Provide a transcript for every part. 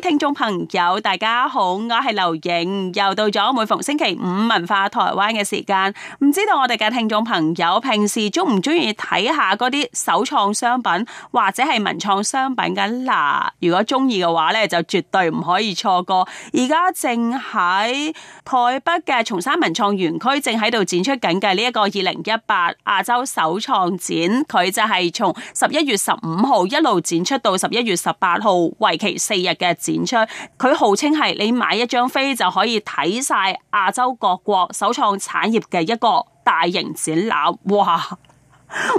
聽眾朋友，大家好，我係劉穎，又到咗每逢星期五文化台灣嘅時間。唔知道我哋嘅聽眾朋友平時中唔中意睇下嗰啲手創商品或者係文創商品緊嗱，如果中意嘅話咧，就絕對唔可以錯過。而家正喺台北嘅松山文創園區，正喺度展出緊嘅呢一個二零一八亞洲手創展，佢就係從十一月十五號一路展出到十一月十八號，為期四日嘅。展出，佢號稱係你買一張飛就可以睇晒亞洲各國手創產業嘅一個大型展覽，哇！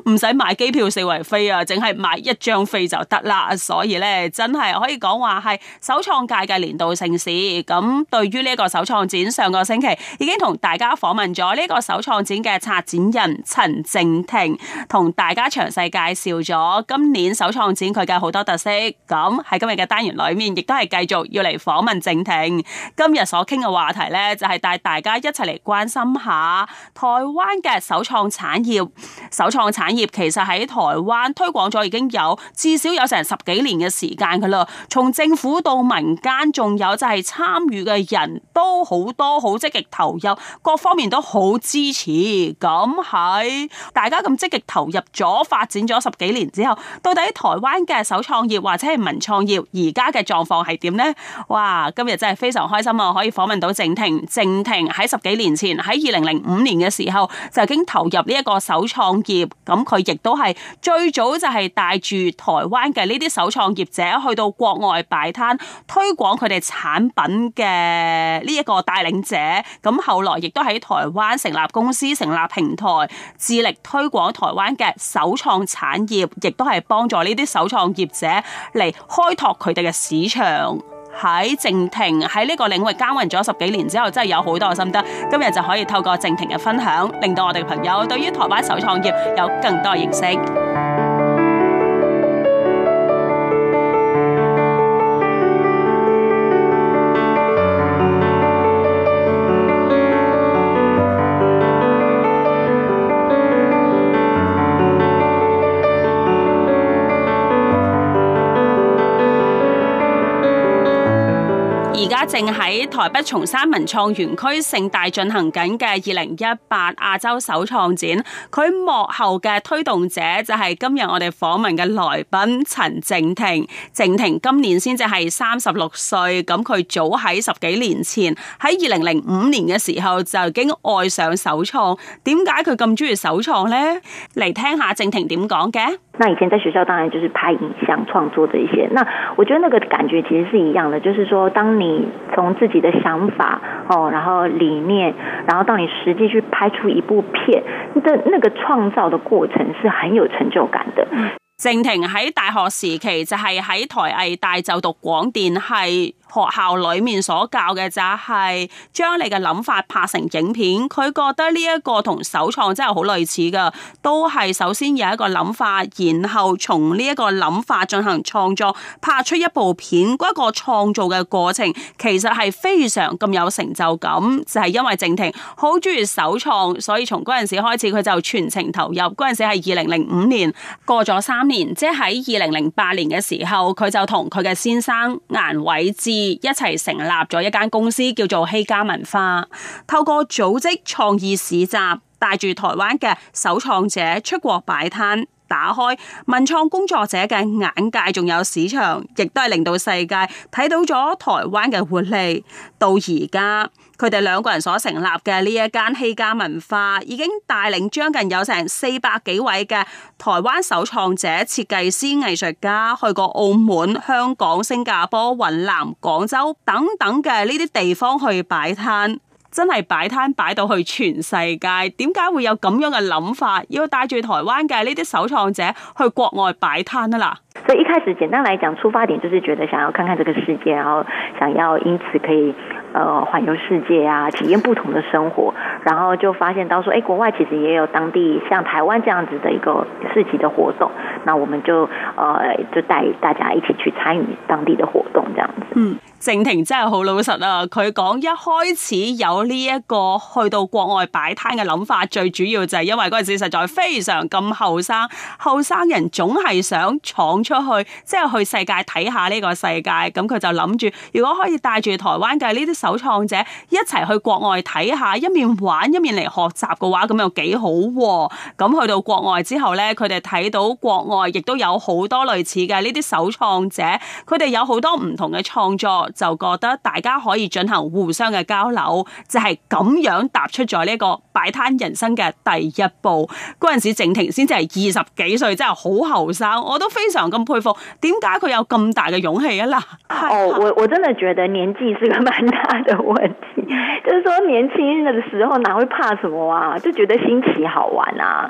唔使買機票四圍飛啊，淨係買一張飛就得啦。所以咧，真係可以講話係手創界嘅年度盛事。咁對於呢一個手創展，上個星期已經同大家訪問咗呢個手創展嘅策展人陳靜亭，同大家詳細介紹咗今年手創展佢嘅好多特色。咁喺今日嘅單元裏面，亦都係繼續要嚟訪問靜亭。今日所傾嘅話題呢，就係、是、帶大家一齊嚟關心下台灣嘅手創產業、手創。產業其實喺台灣推廣咗已經有至少有成十幾年嘅時間噶啦，從政府到民間，仲有就係參與嘅人都好多，好積極投入，各方面都好支持。咁係大家咁積極投入咗發展咗十幾年之後，到底台灣嘅手創業或者係文創業而家嘅狀況係點咧？哇，今日真係非常開心啊！可以訪問到靜亭，靜亭喺十幾年前喺二零零五年嘅時候就已經投入呢一個手創業。咁佢亦都係最早就係帶住台灣嘅呢啲手創業者去到國外擺攤推廣佢哋產品嘅呢一個帶領者，咁後來亦都喺台灣成立公司、成立平台，致力推廣台灣嘅手創產業，亦都係幫助呢啲手創業者嚟開拓佢哋嘅市場。喺靜亭喺呢個領域耕耘咗十幾年之後，真係有好多心得。今日就可以透過靜亭嘅分享，令到我哋嘅朋友對於台灣手創業有更多認識。定係。台北松山文創園區盛大進行緊嘅二零一八亞洲手創展，佢幕後嘅推動者就係今日我哋訪問嘅來賓陳靜亭。靜亭今年先至係三十六歲，咁佢早喺十幾年前喺二零零五年嘅時候就已經愛上手創。點解佢咁中意手創咧？嚟聽下靜亭點講嘅。那以前在學校當然就是拍影像創作這些，那我覺得那個感覺其實是一樣的，就是說當你從自己。的想法哦，然後理念，然後到你實際去拍出一部片的，那個創造的過程是很有成就感的。嗯鄭婷喺大學時期就係、是、喺台藝大就讀廣電系，學校裏面所教嘅就係、是、將你嘅諗法拍成影片。佢覺得呢一個同手創真係好類似噶，都係首先有一個諗法，然後從呢一個諗法進行創作，拍出一部片。一、那個創造嘅過程其實係非常咁有成就感，就係、是、因為靜亭好中意手創，所以從陣時開始，佢就全程投入。陣時係二零零五年過咗三。即年即喺二零零八年嘅時候，佢就同佢嘅先生顏偉智一齊成立咗一間公司，叫做希嘉文化。透過組織創意市集，帶住台灣嘅手創者出國擺攤。打開文創工作者嘅眼界，仲有市場，亦都係令到世界睇到咗台灣嘅活力。到而家，佢哋兩個人所成立嘅呢一間戲家文化，已經帶領將近有成四百幾位嘅台灣手創者、設計師、藝術家去過澳門、香港、新加坡、雲南、廣州等等嘅呢啲地方去擺攤。真係擺攤擺到去全世界，點解會有咁樣嘅諗法，要帶住台灣嘅呢啲手創者去國外擺攤啊？啦，所以一開始簡單嚟講，出發點就是覺得想要看看這個世界，然後想要因此可以，呃，環遊世界啊，體驗不同的生活，然後就發現到說，哎、欸，國外其實也有當地像台灣這樣子的一個市集的活動，那我們就，呃，就帶大家一起去參與當地的活動，這樣子。嗯。靜亭真係好老實啊！佢講一開始有呢、這、一個去到國外擺攤嘅諗法，最主要就係因為嗰陣時實在非常咁後生，後生人總係想闖出去，即係去世界睇下呢個世界。咁佢就諗住，如果可以帶住台灣嘅呢啲手創者一齊去國外睇下，一面玩一面嚟學習嘅話，咁又幾好喎、啊！咁去到國外之後呢，佢哋睇到國外亦都有好多類似嘅呢啲手創者，佢哋有好多唔同嘅創作。就覺得大家可以進行互相嘅交流，就係咁樣踏出咗呢個擺攤人生嘅第一步。嗰陣時靜亭先至係二十幾歲，真係好後生，我都非常咁佩服。點解佢有咁大嘅勇氣啊？嗱、哦，我我真的覺得年紀係個蠻大嘅問題，就是說年輕嘅時候哪會怕什麼啊？就覺得新奇好玩啊！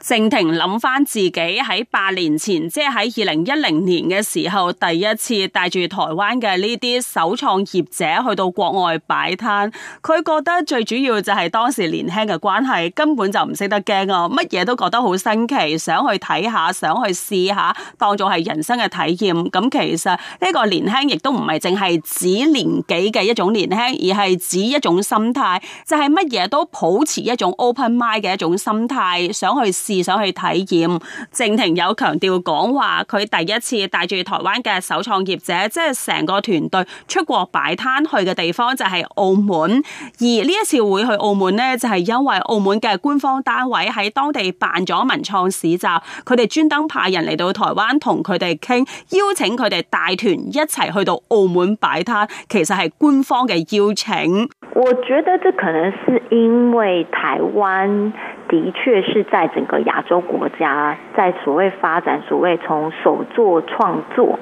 靜亭諗翻自己喺八年前，即係喺二零一零年嘅時候，第一次帶住台灣嘅呢啲手創業者去到國外擺攤，佢覺得最主要就係當時年輕嘅關係，根本就唔識得驚啊，乜嘢都覺得好新奇，想去睇下，想去試下，當做係人生嘅體驗。咁其實呢個年輕亦都唔係淨係指年紀嘅一種年輕，而係指一種心態，就係乜嘢都保持一種 open mind 嘅一種心態，想去。是想去體驗，靜亭有強調講話，佢第一次帶住台灣嘅首創業者，即係成個團隊出國擺攤去嘅地方就係澳門，而呢一次會去澳門咧，就係、是、因為澳門嘅官方單位喺當地辦咗文創市集，佢哋專登派人嚟到台灣同佢哋傾，邀請佢哋帶團一齊去到澳門擺攤，其實係官方嘅邀請，我覺得，這可能是因為台灣的確是在整個。亞洲國家在所謂發展、所謂從手作創作，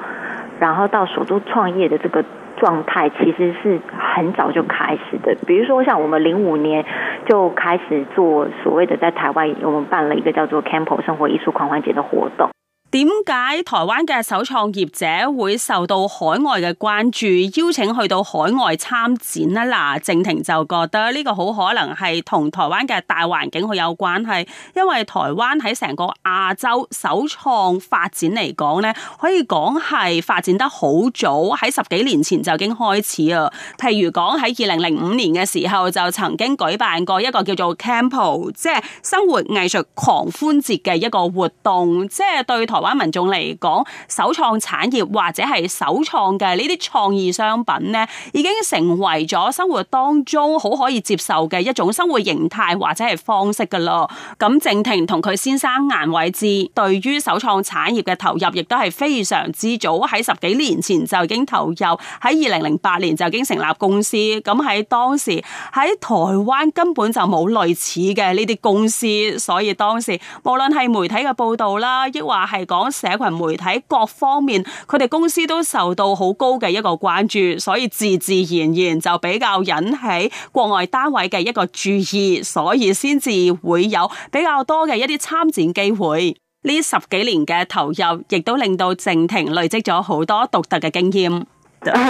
然後到手作創業的這個狀態，其實是很早就開始的。比如說，像我們零五年就開始做所謂的在台灣，我們辦了一個叫做 Campo 生活藝術狂歡節的活動。點解台灣嘅首創業者會受到海外嘅關注，邀請去到海外參展啊？嗱，靜亭就覺得呢個好可能係同台灣嘅大環境好有關係，因為台灣喺成個亞洲首創發展嚟講呢，可以講係發展得好早，喺十幾年前就已經開始啊。譬如講喺二零零五年嘅時候就曾經舉辦過一個叫做 Camp 即係生活藝術狂歡節嘅一個活動，即係對台灣。民眾嚟講，首創產業或者係首創嘅呢啲創意商品咧，已經成為咗生活當中好可以接受嘅一種生活形態或者係方式噶咯。咁靜亭同佢先生顏偉志對於首創產業嘅投入，亦都係非常之早，喺十幾年前就已經投入，喺二零零八年就已經成立公司。咁喺當時，喺台灣根本就冇類似嘅呢啲公司，所以當時無論係媒體嘅報道啦，亦話係。講社群媒體各方面，佢哋公司都受到好高嘅一個關注，所以自自然然就比較引起國外單位嘅一個注意，所以先至會有比較多嘅一啲參展機會。呢十幾年嘅投入，亦都令到靜亭累積咗好多獨特嘅經驗。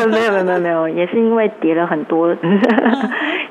沒有沒有沒有，也是因為跌了很多。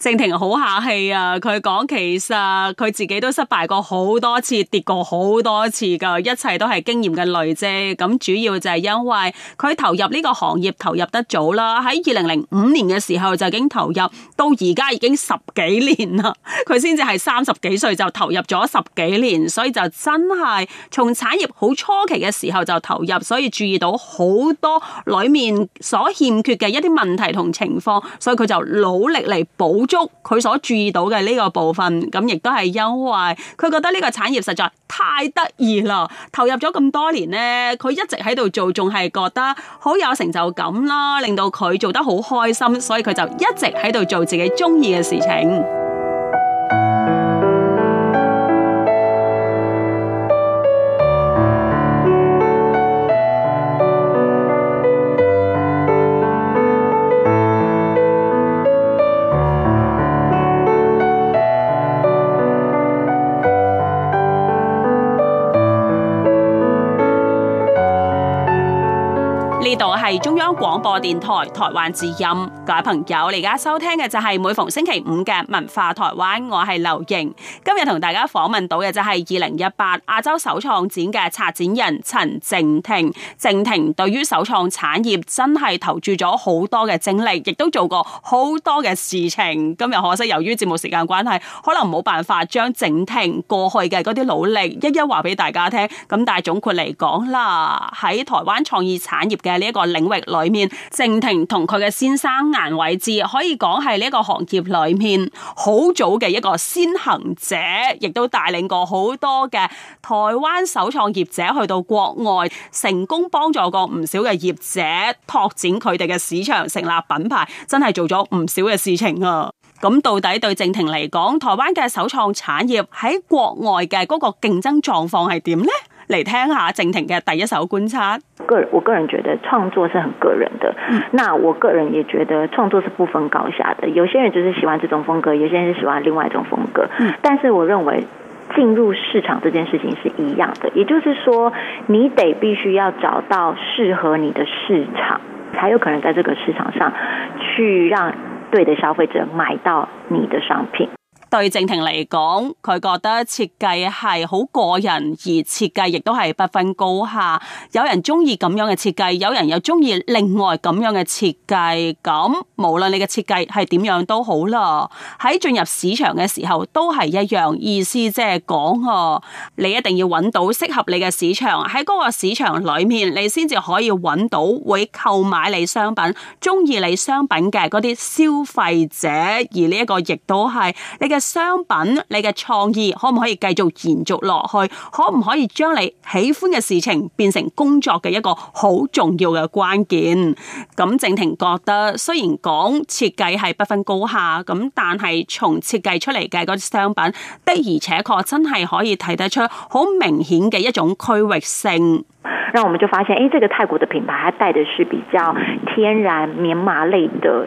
靜亭好客氣啊！佢講，其實佢自己都失敗過好多次，跌過好多次噶，一切都係經驗嘅累積。咁主要就係因為佢投入呢個行業投入得早啦，喺二零零五年嘅時候就已經投入，到而家已經十幾年啦。佢先至係三十幾歲就投入咗十幾年，所以就真係從產業好初期嘅時候就投入，所以注意到好多裏面所欠缺嘅一啲問題同情況，所以佢就努力嚟補。補足佢所注意到嘅呢個部分，咁亦都係因為佢覺得呢個產業實在太得意啦，投入咗咁多年呢，佢一直喺度做，仲係覺得好有成就感啦，令到佢做得好開心，所以佢就一直喺度做自己中意嘅事情。中央廣播電台，台灣之音。各位朋友，你而家收聽嘅就係每逢星期五嘅文化台灣，我係劉盈。今日同大家訪問到嘅就係二零一八亞洲手創展嘅策展人陳靜亭。靜亭對於手創產業真係投注咗好多嘅精力，亦都做過好多嘅事情。今日可惜由於節目時間關係，可能冇辦法將靜亭過去嘅嗰啲努力一一話俾大家聽。咁但係總括嚟講啦，喺台灣創意產業嘅呢一個領域裏面，靜亭同佢嘅先生顏偉志可以講係呢個行業裏面好早嘅一個先行者，亦都帶領過好多嘅台灣手創業者去到國外，成功幫助過唔少嘅業者拓展佢哋嘅市場，成立品牌，真係做咗唔少嘅事情啊！咁到底對靜亭嚟講，台灣嘅手創產業喺國外嘅嗰個競爭狀況係點呢？來聽下靜亭的第一首觀察。個人，我個人覺得創作是很個人的。嗯，那我個人也覺得創作是不分高下的。有些人就是喜歡這種風格，有些人是喜歡另外一種風格。嗯，但是我認為進入市場這件事情是一樣的。也就是說，你得必須要找到適合你的市場，才有可能在這個市場上去讓對的消費者買到你的商品。對靜亭嚟講，佢覺得設計係好個人，而設計亦都係不分高下。有人中意咁樣嘅設計，有人又中意另外咁樣嘅設計，咁無論你嘅設計係點樣都好啦，喺進入市場嘅時候都係一樣。意思即係講哦，你一定要揾到適合你嘅市場，喺個市場裏面，你先至可以揾到會購買你的商品，中意你的商品嘅啲消費者。而呢一個亦都係你嘅。商品，你嘅創意可唔可以繼續延續落去？可唔可以將你喜歡嘅事情變成工作嘅一個好重要嘅關鍵？咁靜亭覺得，雖然講設計係不分高下，咁但係從設計出嚟嘅嗰啲商品的而且確真係可以睇得出好明顯嘅一種區域性。咁，我們就發現，誒、哎,這個泰國的品牌，它帶嘅是比較天然棉麻類的。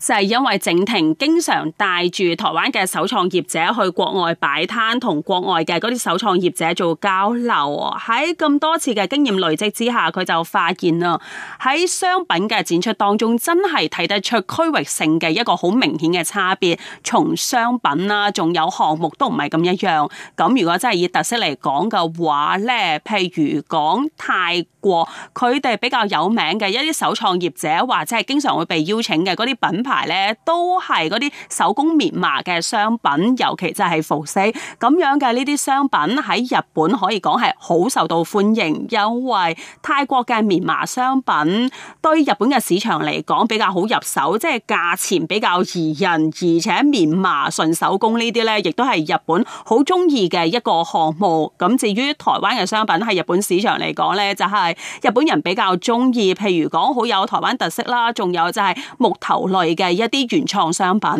就係因為靜亭經常帶住台灣嘅手創業者去國外擺攤同國外嘅嗰啲手創業者做交流喎。喺咁多次嘅經驗累積之下，佢就發現啦，喺商品嘅展出當中，真係睇得出區域性嘅一個好明顯嘅差別，從商品啦，仲有項目都唔係咁一樣，咁如果真係以特色嚟講嘅話咧，譬如講泰國，佢哋比較有名嘅一啲手創業者，或者係經常會被邀請嘅啲品牌，牌咧都係嗰啲手工棉麻嘅商品，尤其就係服飾咁樣嘅呢啲商品喺日本可以講係好受到歡迎，因為泰國嘅棉麻商品對日本嘅市場嚟講比較好入手，即係價錢比較宜人，而且棉麻純手工呢啲咧亦都係日本好中意嘅一個項目。咁至於台灣嘅商品喺日本市場嚟講咧，就係日本人比較中意，譬如講好有台灣特色啦，仲有就係木頭類。嘅一啲原創商品，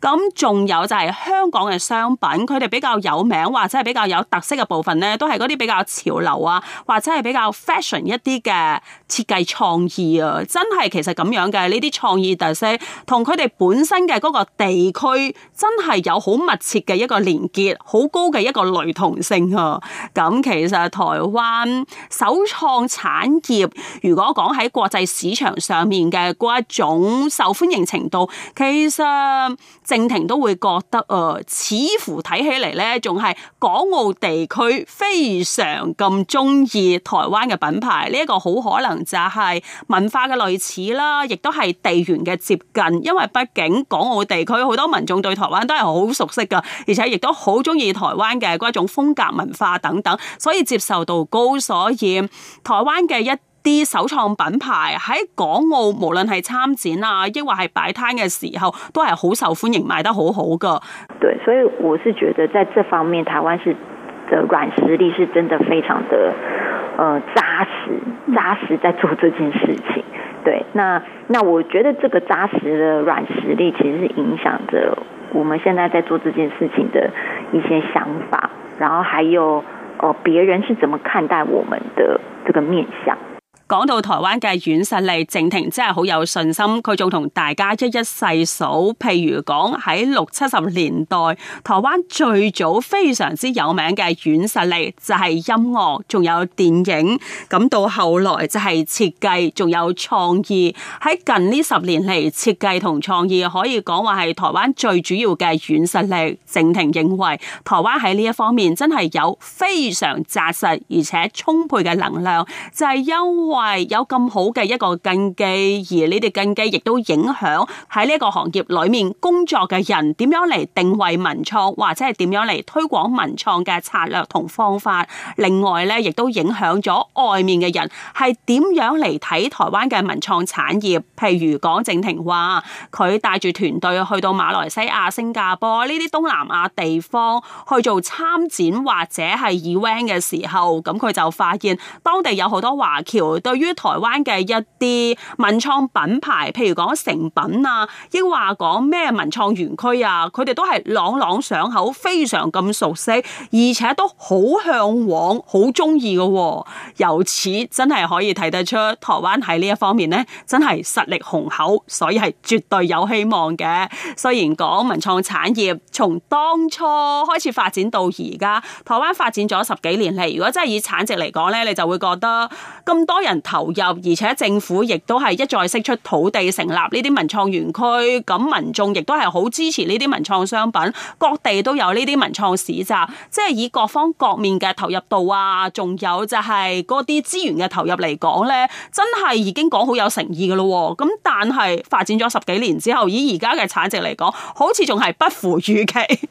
咁仲有就係香港嘅商品，佢哋比較有名或者係比較有特色嘅部分咧，都係啲比較潮流啊，或者係比較 fashion 一啲嘅設計創意啊，真係其實咁樣嘅呢啲創意特色，同佢哋本身嘅個地區真係有好密切嘅一個連結，好高嘅一個雷同性啊。咁其實台灣手創產業如果講喺國際市場上面嘅一種受歡迎程，到其實靜亭都會覺得、呃、似乎睇起嚟咧，仲係港澳地區非常咁中意台灣嘅品牌。呢、這、一個好可能就係文化嘅類似啦，亦都係地緣嘅接近。因為畢竟港澳地區好多民眾對台灣都係好熟悉㗎，而且亦都好中意台灣嘅嗰一種風格文化等等，所以接受度高，所以台灣嘅一啲首創品牌喺港澳，無論係參展啊，抑或係擺攤嘅時候，都係好受歡迎，賣得好好噶。對，所以我是覺得，在這方面，台灣是的軟實力，是真的非常的，呃、扎實扎實在做這件事情。對，那那我覺得，這個扎實的軟實力，其實是影響着我們現在在做這件事情的一些想法，然後還有，呃、別人是怎麼看待我們的這個面向。講到台灣嘅軟實力，靜亭真係好有信心。佢仲同大家一一細數，譬如講喺六七十年代，台灣最早非常之有名嘅軟實力就係音樂，仲有電影。咁到後來就係設計，仲有創意。喺近呢十年嚟，設計同創意可以講話係台灣最主要嘅軟實力。靜亭認為台灣喺呢一方面真係有非常扎實而且充沛嘅能量，就係因為，係有咁好嘅一個根基，而呢啲根基亦都影響喺呢個行業裏面工作嘅人點樣嚟定位文創，或者係點樣嚟推廣文創嘅策略同方法。另外咧，亦都影響咗外面嘅人係點樣嚟睇台灣嘅文創產業。譬如講靜亭話，佢帶住團隊去到馬來西亞、新加坡呢啲東南亞地方去做參展或者係 event 嘅時候，咁佢就發現當地有好多華僑。對於台灣嘅一啲文創品牌，譬如講成品啊，亦話講咩文創園區啊，佢哋都係朗朗上口，非常咁熟悉，而且都好向往、好中意嘅。由此真係可以睇得出，台灣喺呢一方面呢，真係實力雄厚，所以係絕對有希望嘅。雖然講文創產業從當初開始發展到而家，台灣發展咗十幾年嚟，如果真係以產值嚟講呢，你就會覺得咁多人投入，而且政府亦都係一再釋出土地，成立呢啲文創園區。咁民眾亦都係好支持呢啲文創商品，各地都有呢啲文創市集。即係以各方各面嘅投入度啊，仲有就係嗰啲資源嘅投入嚟講，呢真係已經講好有誠意噶咯。咁但係發展咗十幾年之後，以而家嘅產值嚟講，好似仲係不符預期。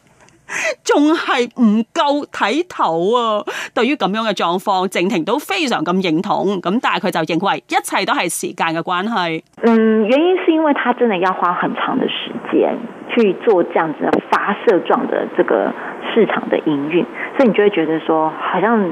仲係唔夠睇頭啊！對於咁樣嘅狀況，靜亭都非常咁認同。咁但係佢就認為一切都係時間嘅關係。嗯，原因是因為他真的要花很長的時間去做這樣子的發射狀的這個市場的營運，所以你就會覺得說，好像。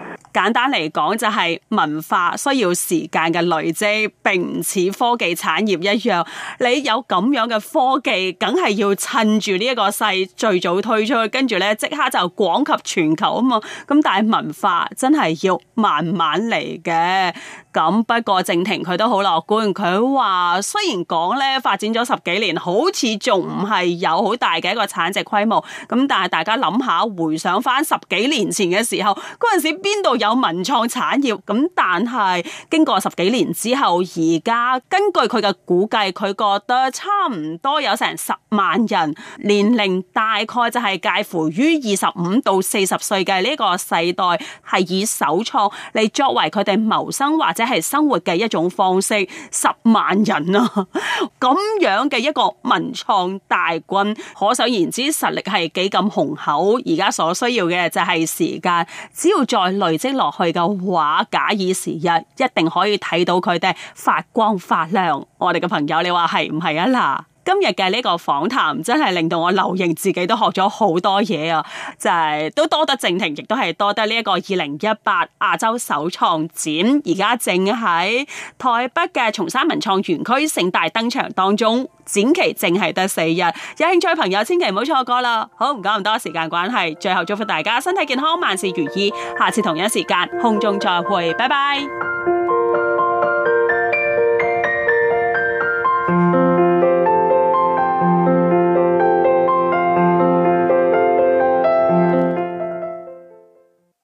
簡單嚟講就係、是、文化需要時間嘅累積，並唔似科技產業一樣。你有咁樣嘅科技，梗係要趁住呢一個勢最早推出去，跟住呢即刻就廣及全球啊嘛。咁但係文化真係要慢慢嚟嘅。咁不過靜亭佢都好樂觀，佢話雖然講呢發展咗十幾年，好似仲唔係有好大嘅一個產值規模。咁但係大家諗下，回想翻十幾年前嘅時候，嗰陣時邊度有文創產業，咁，但係經過十幾年之後，而家根據佢嘅估計，佢覺得差唔多有成十萬人，年齡大概就係介乎於二十五到四十歲嘅呢個世代，係以手創嚟，作為佢哋謀生或者係生活嘅一種方式。十萬人啊，咁樣嘅一個文創大軍可想而知，實力係幾咁雄厚。而家所需要嘅就係時間，只要再累積。落去嘅話，假以時日，一定可以睇到佢哋發光發亮。我哋嘅朋友，你話，係唔係啊嗱？今日嘅呢個訪談真係令到我留認，自己都學咗好多嘢啊！就係、是、都多得靜亭，亦都係多得呢一個二零一八亞洲手創展，而家正喺台北嘅松山文創園區盛大登場當中，展期淨係得四日，有興趣朋友千祈唔好錯過啦！好，唔講咁多，時間關係，最後祝福大家身體健康，萬事如意，下次同一時間空中再會，拜拜。